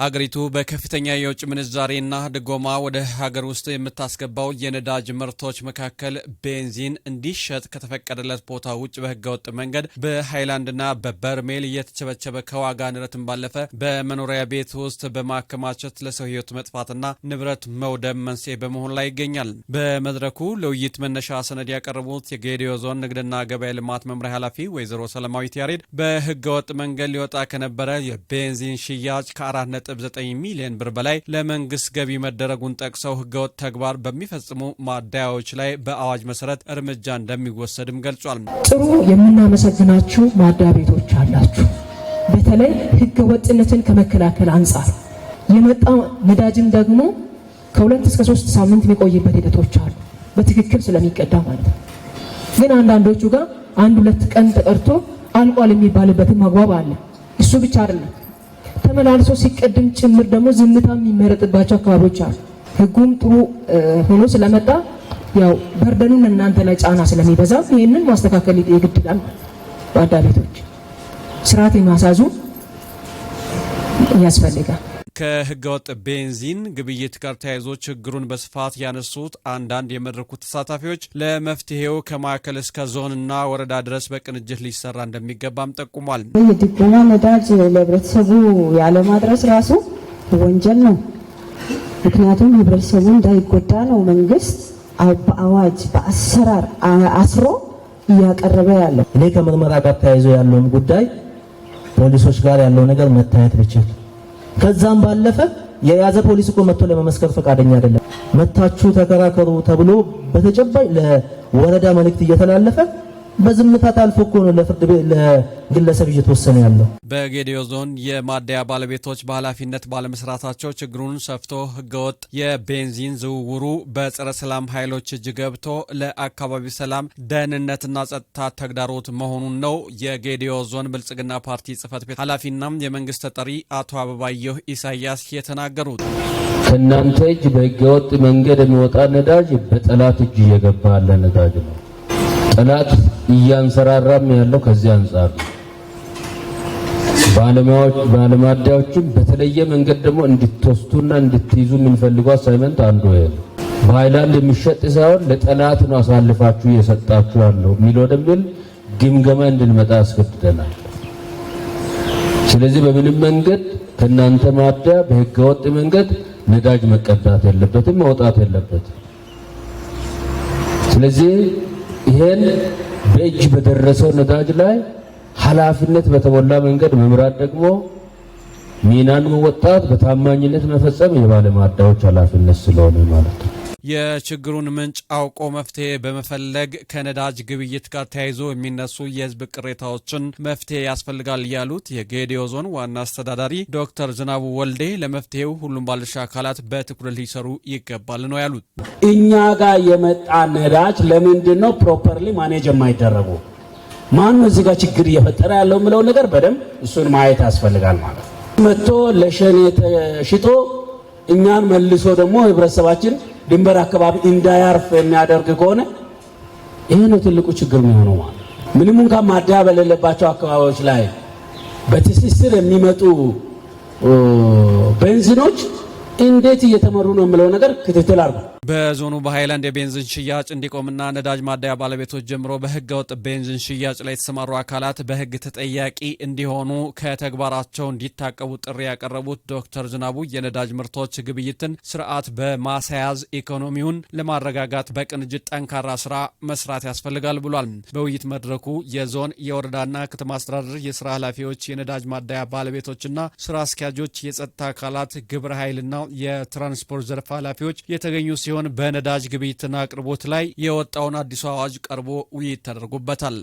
ሀገሪቱ በከፍተኛ የውጭ ምንዛሬና ድጎማ ወደ ሀገር ውስጥ የምታስገባው የነዳጅ ምርቶች መካከል ቤንዚን እንዲሸጥ ከተፈቀደለት ቦታ ውጭ በህገወጥ መንገድ በሃይላንድና በበርሜል እየተቸበቸበ ከዋጋ ንረትን ባለፈ በመኖሪያ ቤት ውስጥ በማከማቸት ለሰው ህይወት መጥፋትና ንብረት መውደም መንስኤ በመሆን ላይ ይገኛል። በመድረኩ ለውይይት መነሻ ሰነድ ያቀረቡት የጌዲዮ ዞን ንግድና ገበያ ልማት መምሪያ ኃላፊ ወይዘሮ ሰላማዊት ያሬድ በህገወጥ መንገድ ሊወጣ ከነበረ የቤንዚን ሽያጭ ከአራት 19 ሚሊዮን ብር በላይ ለመንግስት ገቢ መደረጉን ጠቅሰው ህገወጥ ተግባር በሚፈጽሙ ማደያዎች ላይ በአዋጅ መሰረት እርምጃ እንደሚወሰድም ገልጿል። ጥሩ የምናመሰግናችሁ ማደያ ቤቶች አላችሁ። በተለይ ህገወጥነትን ከመከላከል አንጻር የመጣ ነዳጅም ደግሞ ከሁለት እስከ ሶስት ሳምንት የሚቆይበት ሂደቶች አሉ። በትክክል ስለሚቀዳ ማለት ነው። ግን አንዳንዶቹ ጋር አንድ ሁለት ቀን ተቀርቶ አልቋል የሚባልበትም አግባብ አለ። እሱ ብቻ አይደለም። ተመላልሶ ሲቀድም ጭምር ደግሞ ዝምታ የሚመረጥባቸው አካባቢዎች አሉ። ህጉም ጥሩ ሆኖ ስለመጣ ያው በርደኑን እናንተ ላይ ጫና ስለሚበዛ ይህንን ማስተካከል የግድላል። ይላል። ቤቶች ስርዓት የማሳዙ ያስፈልጋል። ከህገወጥ ቤንዚን ግብይት ጋር ተያይዞ ችግሩን በስፋት ያነሱት አንዳንድ የመድረኩ ተሳታፊዎች ለመፍትሄው ከማዕከል እስከ ዞንና ወረዳ ድረስ በቅንጅት ሊሰራ እንደሚገባም ጠቁሟል። የድጎማ ነዳጅ ለህብረተሰቡ ያለማድረስ ራሱ ወንጀል ነው። ምክንያቱም ህብረተሰቡ እንዳይጎዳ ነው መንግስት በአዋጅ በአሰራር አስሮ እያቀረበ ያለው። እኔ ከምርመራ ጋር ተያይዞ ያለውን ጉዳይ ፖሊሶች ጋር ያለው ነገር መታየት ብችል ከዛም ባለፈ የያዘ ፖሊስ እኮ መጥቶ ለመመስከር ፈቃደኛ አይደለም። መታችሁ ተከራከሩ ተብሎ በተጨባጭ ለወረዳ መልእክት እየተላለፈ በዝምታ ታልፎ እኮ ነው ለፍርድ ቤት ለግለሰብ እየተወሰነ ያለው። በጌዲዮ ዞን የማደያ ባለቤቶች በኃላፊነት ባለመስራታቸው ችግሩን ሰፍቶ ህገወጥ የቤንዚን ዝውውሩ በጸረ ሰላም ኃይሎች እጅ ገብቶ ለአካባቢ ሰላም ደህንነትና ጸጥታ ተግዳሮት መሆኑን ነው የጌዲዮ ዞን ብልጽግና ፓርቲ ጽህፈት ቤት ኃላፊና የመንግስት ተጠሪ አቶ አበባየሁ ኢሳያስ የተናገሩት ከእናንተ እጅ በህገወጥ መንገድ የሚወጣ ነዳጅ በጠላት እጅ እየገባ ያለ ነዳጅ ነው ጠላት እያንሰራራም ያለው ከዚህ አንጻር ነው። ባለማዳዎችን በተለየ መንገድ ደግሞ እንድትወስዱና እንድትይዙ የምንፈልገው አሳይመንት አንዱ ይሄ ነው። የሚሸጥ ሳይሆን ለጠላት ነው አሳልፋችሁ እየሰጣችሁ ያለው የሚለው ደብል ግምገማ እንድንመጣ አስገድደናል። ስለዚህ በምንም መንገድ ከእናንተ ማዳ በህገወጥ መንገድ ነዳጅ መቀዳት የለበትም፣ መውጣት የለበትም። ስለዚህ ይሄን በእጅ በደረሰው ነዳጅ ላይ ኃላፊነት በተሞላ መንገድ መምራት ደግሞ ሚናን መወጣት በታማኝነት መፈጸም የባለማዳዎች ኃላፊነት ስለሆነ ማለት ነው። የችግሩን ምንጭ አውቆ መፍትሄ በመፈለግ ከነዳጅ ግብይት ጋር ተያይዞ የሚነሱ የህዝብ ቅሬታዎችን መፍትሄ ያስፈልጋል ያሉት የጌዲዮ ዞን ዋና አስተዳዳሪ ዶክተር ዝናቡ ወልዴ ለመፍትሄው ሁሉም ባለድርሻ አካላት በትኩረት ሊሰሩ ይገባል ነው ያሉት። እኛ ጋር የመጣ ነዳጅ ለምንድን ነው ፕሮፐርሊ ማኔጅ የማይደረጉ? ማን እዚህ ጋር ችግር እየፈጠረ ያለው የምለው ነገር በደንብ እሱን ማየት ያስፈልጋል ማለት መጥቶ ለሸኔ ተሽጦ እኛን መልሶ ደግሞ ህብረተሰባችን ድንበር አካባቢ እንዳያርፍ የሚያደርግ ከሆነ ይህ ነው ትልቁ ችግር የሚሆነው። ምንም እንኳን ማደያ በሌለባቸው አካባቢዎች ላይ በትስስር የሚመጡ ቤንዚኖች እንዴት እየተመሩ ነው የምለው ነገር ክትትል አድርጓል። በዞኑ በሃይላንድ የቤንዚን ሽያጭ እንዲቆምና ነዳጅ ማደያ ባለቤቶች ጀምሮ በህገወጥ ቤንዝን ቤንዚን ሽያጭ ላይ የተሰማሩ አካላት በህግ ተጠያቂ እንዲሆኑ ከተግባራቸው እንዲታቀቡ ጥሪ ያቀረቡት ዶክተር ዝናቡ የነዳጅ ምርቶች ግብይትን ስርዓት በማስያዝ ኢኮኖሚውን ለማረጋጋት በቅንጅት ጠንካራ ስራ መስራት ያስፈልጋል ብሏል። በውይይት መድረኩ የዞን የወረዳና ከተማ አስተዳደር የስራ ኃላፊዎች፣ የነዳጅ ማደያ ባለቤቶችና ስራ አስኪያጆች፣ የጸጥታ አካላት፣ ግብረ ኃይልና የትራንስፖርት ዘርፍ ኃላፊዎች የተገኙ ሲሆን ሲሆን በነዳጅ ግብይትና አቅርቦት ላይ የወጣውን አዲሱ አዋጅ ቀርቦ ውይይት ተደርጎበታል።